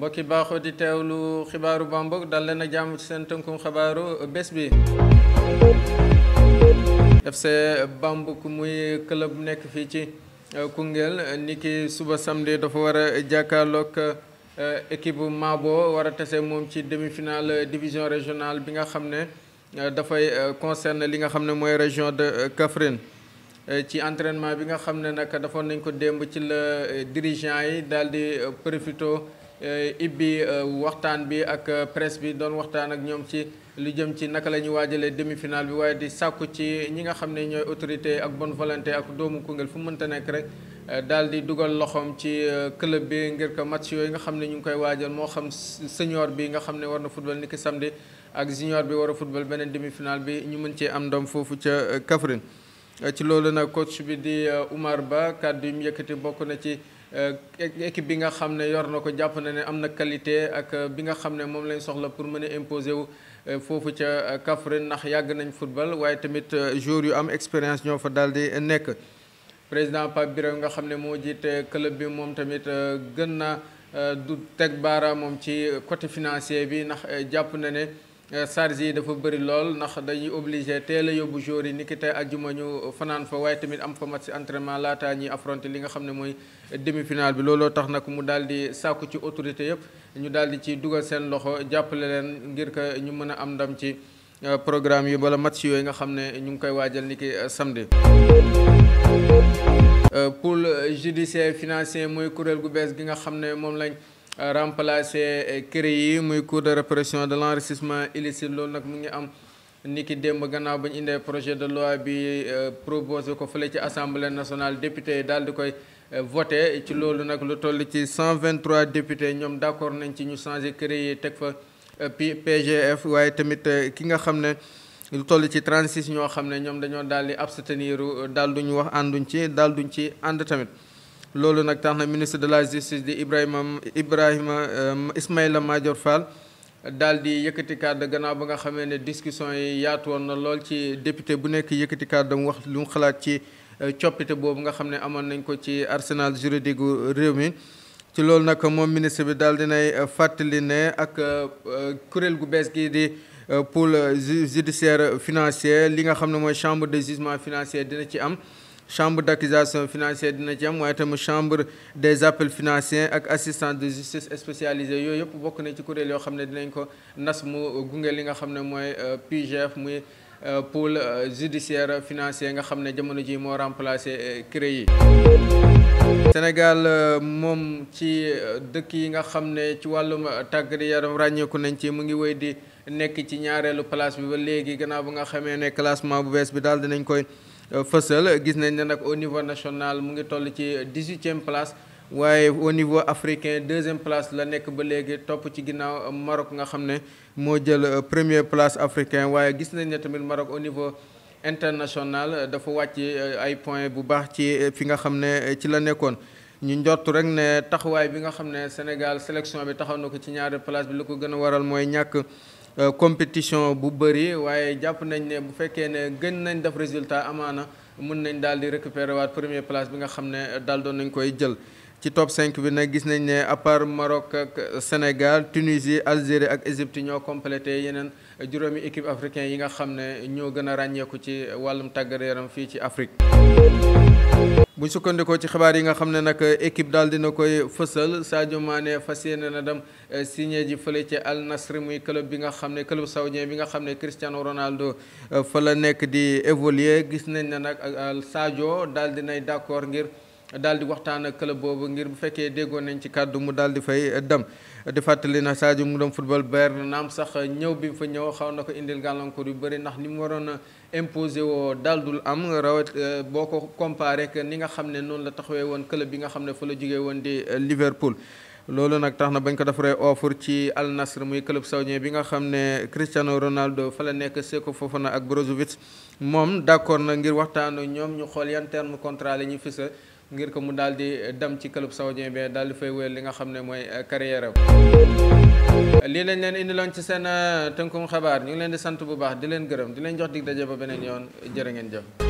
mbokki baaxoo di teewlu xibaaru bambok dal leen a jàmm ci seen tënkum xibaaru bés bi FC Bambuk muy club nekk fii ci euh, Koungheul niki suba samedi dafa war a jàkkaarloog euh, équipe bu Mabo war a tase moom ci demi-finale division régionale bi nga xam ne euh, dafay concerne li nga xam ne mooy région de Kaffrine ci entraînement bi nga xam ne nag dafoon nañ ko démb ci la dirigeant yi daal di profito Eh, ibbi eh, waxtaan bi ak eh, presse bi doon waxtaan ak ñoom ci lu jëm ci naka la ñu waajalee demi-finale bi waaye di sàkku ci ñi nga xam ne ñooy autorité ak bon volonté ak doomu Koungheul fu mënta nekk rek daal di dugal loxoom ci club bi ngir ko match yooyu nga xam ne ñu ngi koy waajal moo xam senior bi nga xam ne war na football niki samedi ak junior bi war a football beneen demi-finale bi ñu mën cee am ndoom foofu ca Kaffrine ci loolu nag coach bi di Oumar Ba kàddu yi yëkkati bokk na ci. Euh, équipe bi nga xam ne yor na ko jàpp na ne am na qualité ak euh, bi nga xam ne moom lañ soxla pour mën a imposer wu euh, foofu ca Kaffrine ndax yàgg nañ football waaye tamit jour yu am expérience ñoo fa daal di nekk. président Pape Birame nga xam ne moo jiite club bi moom tamit gën na du teg baara moom ci côté financier bi ndax jàpp na ne. Euh, charge yi dafa bëri lool ndax dañuy obligé teel a yóbbu jour yi ni ki tey ajjuma ñu fanaan fa waaye tamit am fa match si entraînement laataa ñuy affronté li nga xam ne mooy demi-finale bi looloo tax nag mu daal di sàkku ci autorité yëpp ñu daal di ci dugal seen loxo jàppale leen ngir que ñu mën a am ndam ci euh, programme yi wala match yooyu nga xam ne ñu ngi koy waajal ni ki euh, samedi pôle judiciaire financier mooy kuréel gu bees gi nga xam ne moom lañ remplace eh, CREI yi muy cour de répression de l'enrichissement illicite loolu nag mu ngi am ni ki démb gannaaw ba ñu indee projet de loi bi eh, proposé ko fële ci assemblée nationale député yi daal di koy eh, voté ci loolu nag lu toll ci 123 députés ñoom d'accord nañ ci ñu changé CREI yi teg fa PGF waaye tamit ki nga xam ne lu toll ci 36 ñoo xam ne ñoom dañoo daal di abstenir daal duñu wax ànduñ ci daal duñ ci ànd tamit loolu nag tax na ministre de la justice di Ibrahima Ibrahima euh, Ismaïla Madior Fall daal di yëkkati kàddu gannaaw ba nga xamee ne discussion yi yaatu woon na lool ci député bu nekk yëkkati kàddu wax lu mu xalaat ci euh, coppite boobu nga xam ne amoon nañ ko ci arsenal juridique gu réew mi. ci loolu nag moom ministre bi daal dinay euh, fàttali ne ak kuréel gu bees gi di pôle judiciaire financier li nga xam ne mooy chambre de jugement financier dina ci am. chambre d'accusation financière dina ci am waaye tamit chambre des appels financiers ak assistance de justice spécialisée yooyu yëpp bokk na ci kuréel yoo xam ne dinañ ko nas mu gunge li nga xam ne mooy euh, PJF muy euh, pôle euh, judiciaire financier nga xam ne jamono ji moo remplacé CREI yi Sénégal moom ci dëkk yi nga xam ne ci wàllum tàggat yaram ràññeeku nañ ci mu ngi wéy di nekk ci ñaareelu place bi ba léegi gannaaw ba nga xamee ne classement bu bees bi daal dinañ koy Euh, fësal gis nañ ne nag au niveau national mu ngi toll ci dix-huitième place waaye au niveau africain deuxième place la nekk ba léegi topp ci ginnaaw euh, Maroc nga xam ne moo jël euh, premier place africain waaye gis nañ ne tamit Maroc au niveau international dafa wàcc ay point bu baax ci fi nga xam ne ci la nekkoon ñu njott rek ne taxawaay bi nga xam ne Sénégal sélection bi taxaw na ko ci ñaari place bi lu ko gën a waral mooy ñàkk Euh, compétition bu bëri waaye jàpp nañ ne bu fekkee ne gën nañ def résultat amaana mun nañ daal di récupérer waat première place bi nga xam ne daal doon nañ koy jël. ci top 5 bi nag gis nañ ne à part Maroc ak Sénégal Tunisie Algérie ak Égypte ñoo complété yeneen juróomi équipe africain yi nga xam ne ñoo gën a ràññeeku ci wàllum tàggat yaram fii ci Afrique. bu ñu sukkandikoo ci xabaar yi nga xam ne nag équipe daal dina koy fësal Sadio Mané fas yéene na dem eh, signé ji fële ci Al Nasr muy club bi nga xam ne club saoudien bi nga xam ne Cristiano Ronaldo eh, fa la nekk di évoluer gis nañ ne nag Sadio daal dinay d'accord ngir. daal di waxtaan ak club boobu ngir bu fekkee déggoon nañ ci kàddu mu daal di fay dem di fàttali na Sadio mu doon football Bayern naam sax ñëw bi mu fa ñëw xaw na ko indil gàllankoor yu bëri ndax ni mu waroon a imposé woo daal dul am rawat eh, boo ko comparé ni nga xam ne noonu la taxawee woon club bi nga xam ne fa la jógee woon di eh, Liverpool. loolu nag tax na bañ ko defaree offre ci Al Nassr muy club saoudien bi nga xam ne Cristiano Ronaldo fa la nekk Seko Fofana ak Brozovic moom d'accord na ngir waxtaan ñoom ñu xool yan terme contrat la ñuy fisa ngir ko mu daal di dem ci club saoudien bi daal di fay wéyal li nga xam ne mooy eh, carrière am lii lañ leen indiloon ci seen eh, tënkum xabaar ñu ngi leen di sant bu baax di leen gërëm di leen jox dig daje ba beneen yoon jërë ngeen jëf